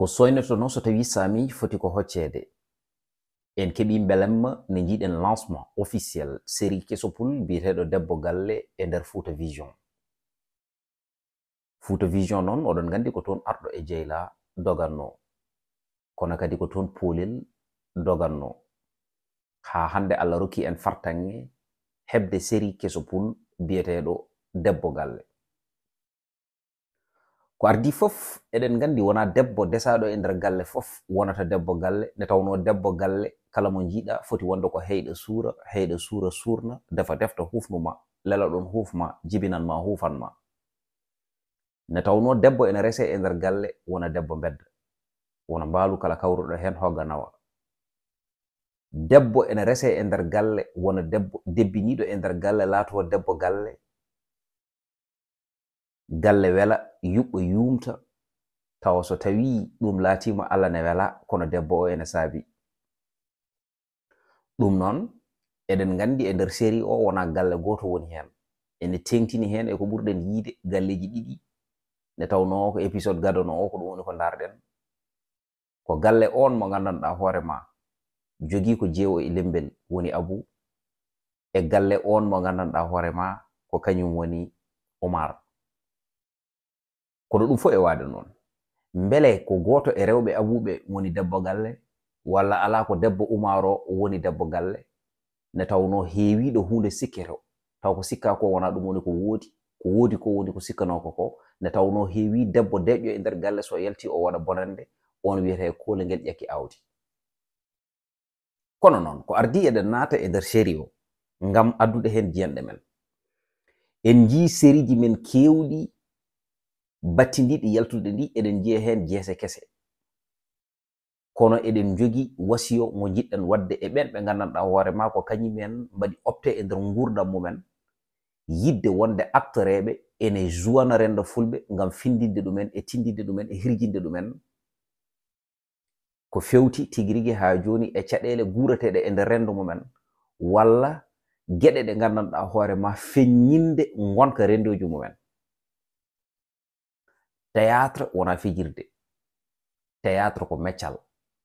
ko soynoto noon so tawi saamiji foti ko hoccede en keeɓi belemma ne jiiɗen lancement officiel série kesopul mbiyeteɗo debbo galle e nder fouta vision fouta vision noon oɗon gandi ko toon arɗo e jeyla doganno kono kadi ko toon poolel doganno ha hande allah rokki en fartange heɓde série kesopul mbiyeteɗo debbo galle ko ardi fof eɗen gandi wona debbo desaɗo e nder galle fof wonata debbo galle nde tawno debbo galle kala mo jiiɗa foti wonde ko heyɗa suura heyɗa suura suurna defa defta hufnuma lela ɗon hufma jibinan ma hufan ma nde tawno debbo ene rese e nder galle wona debbo bedda wona mbaalu kala kawruɗo hen hogga nawa debbo ene rese e nder galle wona debbo debbiniɗo e nder galle laatowo debbo galle galle wela yuɓɓa yumta tawa so tawi ɗum latimo allah ne wela kono debbo o ene saabi ɗum noon eɗen gandi e nder séri o wona galle goto woni hen ene tengtini hen e ko ɓurɗen yiide galleji ɗiɗi nde tawno ko épisode gadano o ko ɗum woni ko darɗen ko galle on mo gandanoɗa hoore ma jogi ko jeewo e lembel woni abou e galle on mo gandanoɗa hoore ma ko kañum woni oumar kono ɗum fof e waade noon mbele ko gooto e rewɓe e abuuɓe woni debbo galle walla alaa ko debbo umaro woni debbo galle nde tawno heewiiɗo huunde sikkete taw ko sikka ko wonaa ɗum woni ko woodi ko woodi ko woni ko sikkanooko ko nde tawno heewii debbo deƴƴo e ndeer galle so yalti o waɗa bonande on wiyetee koole ngel ƴakki aawdi kono noon ko ardi eɗen naata e nder séri o ngam addude heen jiyanɗe men en njii sériji men keewɗi battindiɗi yaltude ndi eɗen jiya heen jeese kese kono eɗen jogi wasiyo mo jiɗɗen waɗde e ɓen ɓe ngandanɗa hoore ma ko kañumen mbaɗi opte e nder gurdam mumen yidde wonde actoreɓe ene jowana renda fulɓe ngam findinde ɗumen e tindinde ɗumen e hirjinde ɗumen ko fewti tigi rigi ha joni e caɗele gurateɗe e nder rendo mumen walla geɗe ɗe ngandanɗa hoore ma feññinde gonka rendoji mumen théâtre wona fijirde théâtre ko meccal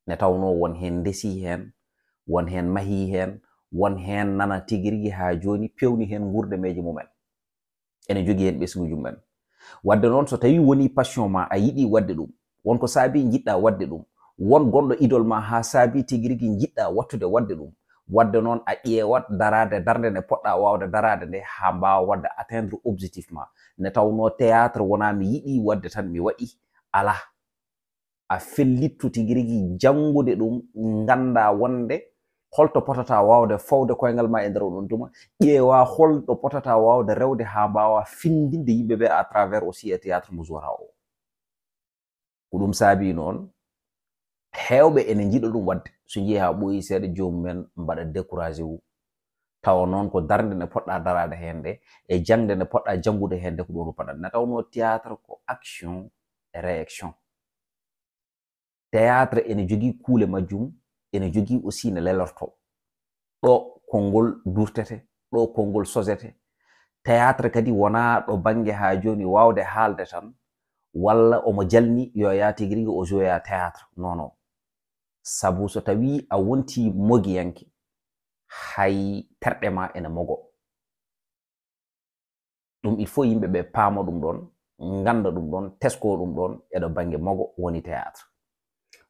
ne tawno won hen ndesi hen won hen mahi hen won hen nana tigirigui ha joni pewni hen gurde meje mumen ene jogui hen ɓesgu jummen wadde noon so tawi woni passion ma a yiɗi wadde ɗum wonko saabi jiɗɗa wadde ɗum won gonɗo idol ma ha saabi tigirigui jiɗɗa wattude wadde ɗum wadde noon a ƴeewat darade darnde nde poɗɗa wawde darade nde ha mbawa wadde atteindre objectif ma nde tawno théâtre wona mi yiɗi wadde tan mi waɗi ala a fellittu tigirigui jangude ɗum ganda wonde holto potata wawde fawde koyngal ma e nder oɗon duma ƴeewa holɗo potata wawde rewde ha mbawa findinde yimɓeɓe à travers aussi e théâtre mo jora o ko ɗum saabi noon hewɓe ene jiɗa ɗum waɗde so njehi ha ɓoyi seeɗa joomumen mbaɗa découragé wu tawa noon ko darde nde poɗɗa darade hen nde e jangde nde poɗɗa janngude hen nde ko ɗon rupaɗan ne tawno théâtre ko action e réaction théâtre ene jogii kuule majjum ene jogii aussi ne lelorto ɗo konngol durtete ɗo konngol sosete théâtre kadi wonaa ɗo baŋnge haa jooni waawde haalde tan walla omo jalni yo yaa tigi rigi o joya théâtre non non sabu so tawi a wonti mogiyanke hay terɗe ma ene mogo ɗum il faut yimɓe ɓe paamo ɗum ɗon ngannda ɗum ɗon tesko ɗum ɗon eɗo bange mogo woni théâtre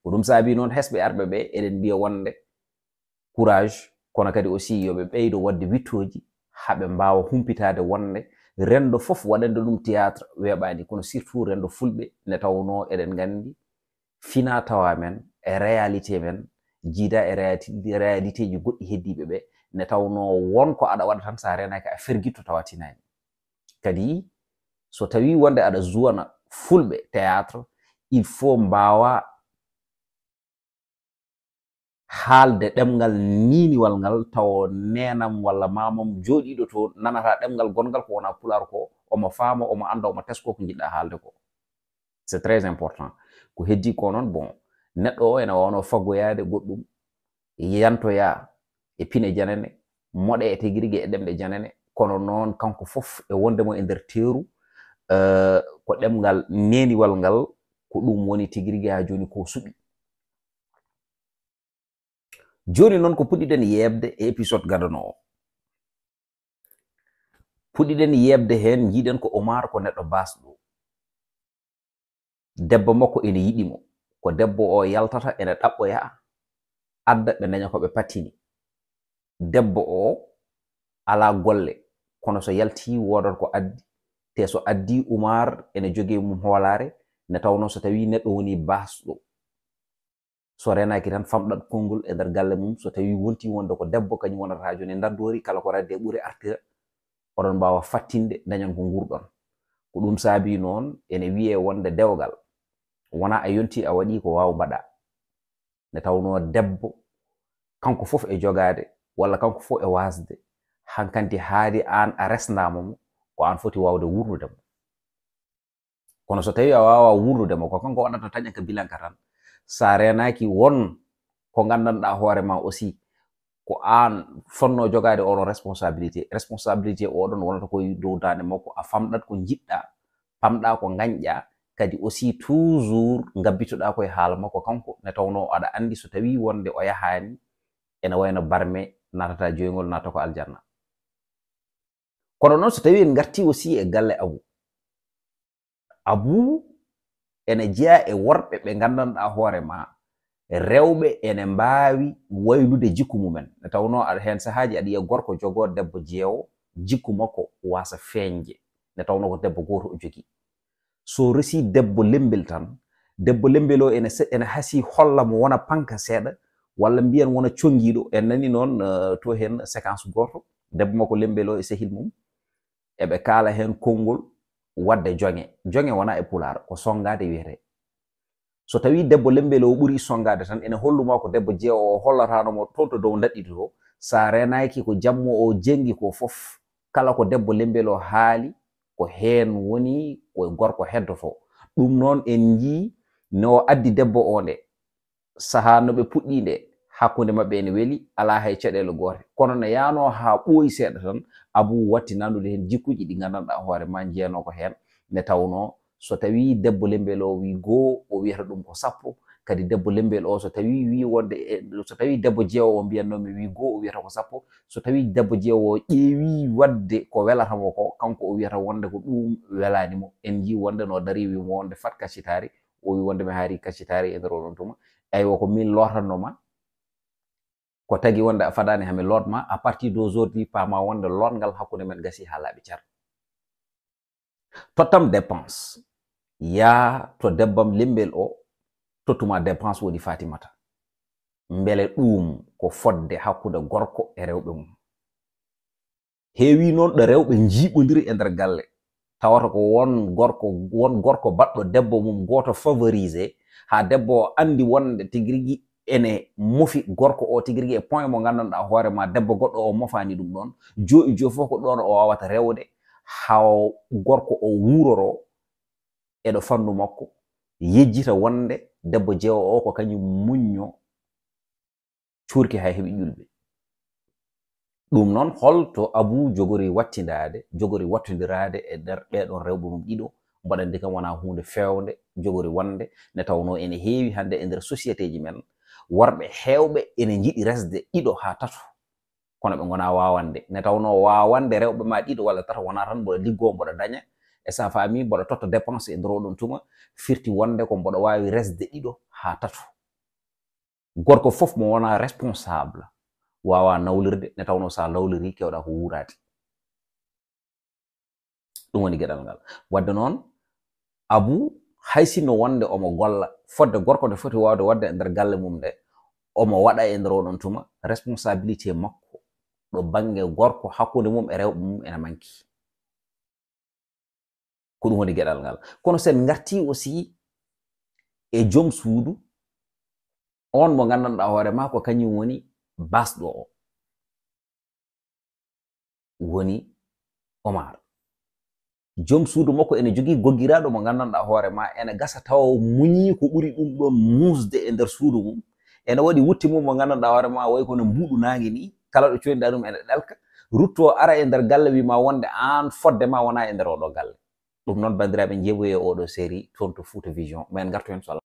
ko ɗum saabi noon hesɓe arɓe ɓe eɗen mbiya wonde courage kono kadi aussi yoɓe ɓeydo wadde wittoji haɓe mbawa humpitade wonde rendo fof waɗande ɗum théâtre weeɓani kono surtout rendo fulɓe nde tawno eɗen nganndi fina tawa men e réalité men jiida e réalité ji goɗɗi heddiɓe ɓe nde tawno wonko aɗa waɗa tan sa renaka a fergitto tawatinani kadi so tawi wonde aɗa zuwana fulɓe théâtre il faut mbawa haalde ɗemgal niniwal ngal taw nenam walla mamam joɗiɗo to nanata ɗemgal gonngal ko wona pular ko omo faama omo anda omo tesko ko jiɗɗa haalde ko c'est très important ko heddi ko noon bon neɗɗo o ene wawno faggoyaade goɗɗum e yantoya e pine janane moɗe e tegirigi e ɗemɗe janane kono noon kanko fof e wonde mo e nder teeru uh, ko ɗemgal neniwal ngal ko ɗum woni tigirigi ha joni ko suɓi joni noon ko puɗiɗen yebde e épisode gadano o puɗiɗen yebde hen jiiɗen ko omar ko neɗɗo basɗo debbo makko ene yiɗimo ko debbo o yaltata ene ɗaɓɓoya adda ɓe daña ko ɓe patini debbo o ala golle kono so yalti wodon ko addi te so addi umar ene jogi mum hoolare ne tawno so tawi neɗɗo woni basɗo so renaki tan famɗat konngol e nder galle mum so tawi wonti wonde ko debbo kañum wonata joni e ndardori kala ko radde e ɓuri artira oɗon mbawa fattinde dañan ko ngurɗon ko ɗum saabi noon ene wiye wonde dewgal wona a yonti a waɗi ko waw mbaɗa nde tawno debbo kanko fof e jogade walla kanko fof e wasde hankanti haadi an a resnamo mo ko an foti wawde wurnudemo kono so tawi a wawa wurnudemo ko kanko waɗata taña ka bilanka tan sa renaki won ko gandanɗa hoorema aussi ko an fonno jogade oɗo responsabilité responsabilité oɗon wonata koye dow dande makko a famɗat ko jiɗɗa pamɗa ko gañƴa kadi aussi toujours ngabbitoɗa koye haala makko kanko ne tawno aɗa andi so tawi wonde o yahani ene wayno barme natata joyngol nata ko aljanna kono noon so tawi en garti aussi e galle abou abou ene jeeya e worɓe ɓe gandanɗa hoore ma rewɓe ene mbaawi waylude jikku mumen ne tawno aɗa hen sahaji aɗa yiya gorko jogoo debbo jeewo jikku makko wasa feeñde ne tawno ko debbo goto o jogii so resi debbo lembel tan debbo lembel o ene, ene hasi holla mo wona panka seeɗa walla mbiyan wona congiiɗo en nani noon uh, to hen séquence goto debbo makko lembel o e sehil mum eɓe kaala hen konngol wadde jonge jonge wona e pular ko songade wiyete so tawi debbo lembel o ɓuri songade tan ene holluma ko debbo jeewo o hollatanomo toon to dow daɗɗiti to sa renaki ko jammo o jengi ko fof kala ko debbo lembel o haali ko heen woni ko gorko heddoto ɗum noon en njii no o addi debbo o nde saha no ɓe puɗɗi nde hakkunde maɓɓe ene weli alaa hay caɗeele goote kono no yaanoo haa ɓooyi seeɗa tan abou watti nanndude heen jikkuji ɗi nganndanɗaa hoore ma njiyanoo ko heen nde tawnoo so tawii debbo lembel o wii goo o wiyata ɗum ko sappo kadi debbo lembiyel o so tawi wi wonde e, so tawi debbo jeewowo mbiyannomi wi goo o wiyata ko sappo so tawi debbo jeewo o ƴeewi wadde ko welatamo ko kanko o wiyata wonde ko ɗum welanimo en yi wonde no dari wimo wonde fat kaccitaari o wi wonde mi haari kaccitaari e ndero ɗon tuma ey o ko min lotanno ma ko tagi wonde a fadani hami lot ma a partir deux heures di pama wonde lotngal hakkunde men gasi ha laaɓi car tottam dépense yaa to debbam lembel o totuma dépense woni fatimata mbele ɗum ko fodde hakkude gorko e rewɓe mum heewi noon ɗo rewɓe jiiɓodiri e nder galle tawata ko won gorko won gorko baɗɗo debbo mum goto favorisé ha debbo o andi wonde tigi rigui ene mofi gorko o tigi rigui e point mo gandanɗa hoorema debbo goɗɗo o mofani ɗum ɗon joyi joyi foof ko ɗon o wawata rewde ha gorko o wuroro eɗo fannu makko yejjita wonde debbo jeewo o ko kañum muñño cuurki hay heɓi ƴulɓe ɗum noon holto abu jogori wattindaade jogori wattondiraade e nder ɓeeɗon rewɓe mum ɗiɗo mbaɗandi kam wona hunde fewnde jogori wonde nde tawno ene heewi hannde e nder société ji men worɓe heewɓe ene njiɗi resde ɗiɗo haa tato kono ɓe ngona waawande nde tawno waawande rewɓe ma ɗiɗo walla tato wona tan mboɗa liggoo mboɗa daña e sa faami mboɗo totta dépense e ndorooɗon tuma firti wonde ko mboɗo waawi resde ɗiɗo haa tatu gorko fof mo wona responsable waawa nawlirde ne tawno so a lawliri kewɗa ko wuuraadi ɗum woni geɗal ngal wadde noon abou hay sinno wonde omo golla fodde gorko nde foti waawde wadde e ndeer galle mum nde omo waɗa e ndorooɗon tuma responsabilité makko ɗo baŋnge gorko hakkunde mum e rewɓe mum ene manki ko ɗum woni geɗal ngal kono so en ngarti aussi e joom suudu on mo nganndanɗa hoore ma ko kañum woni basɗo o woni omar joom suudu makko ene jogii goggiraaɗo mo nganndanɗa hoore ma ene gasa tawa muñii ko ɓuri ɗum ɗon muusde e ndeer suudu mum ene waɗi wutti mum mo nganndanɗa hoore ma wayi kono mbuuɗu naangi ni kala ɗo cooyniɗa ɗum ene ɗelka ruttu o ara e ndeer galle wiima wonde aan fodde ma wonaa e ndeer oɗo galle ɗum noon bandiraɓe jeɓoye oɗo séri toon to fouta vision men gartu hen so allah